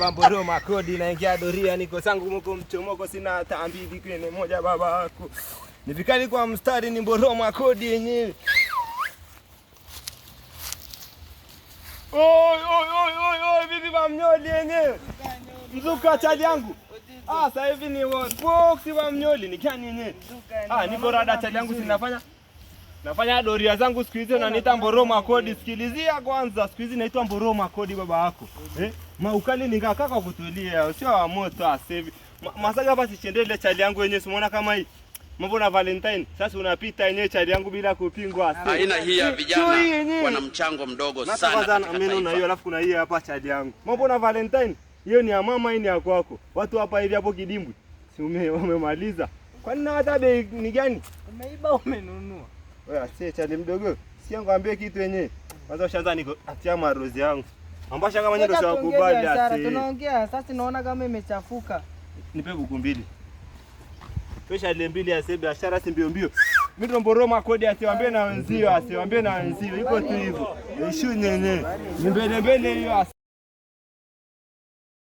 baba Mboro makodi naingia doria, niko zangu moko mchomoko, sina tambidi kwenye moja baba yako nivikali kwa mstari, ni Mboro makodi yenyewe. Oi oi oi oi oi, vipi bamnyoli yenyewe mzuka chali yangu sasa hivi ni box bamnyoli nikiani yenyewe, niko ah, rada chali yangu sinafanya nafanya doria zangu siku hizi, naniita Mboro Makodi. Sikilizia kwanza, siku hizi naitwa Mboro Makodi baba yako eh? Ma maukali nikakaa kwa kutulia, sio wa moto asevi masaga hapa. Sichendele ile chali yangu yenyewe, simuona kama hii mambo na Valentine. Sasa unapita yenyewe chali yangu bila kupingwa. Aina hii ya vijana wana mchango mdogo sana sana, mimi na hiyo, alafu kuna hii hapa chali yangu mambo na Valentine. Hiyo ni ya mama, hii ni ya kwako. Watu hapa hivi hapo kidimbwi si wamemaliza. Kwani na hata bei ni gani? Umeiba umenunua wewe asiacha ni mdogo. Sikia ngwambie kitu yenye. Kwanza ushaanza niko atia marozi yangu. shanga kama ndio sio ati. Tunaongea sasa naona kama imechafuka. Nipe buku mbili. Pesha ile mbili ya sebe biashara si mbio mbio. Mimi ndo mboroma kodi asiwaambie na wenzio asiwaambie na wenzio. Iko tu hivyo. Ishu nyenye. Ni mbele mbele hiyo.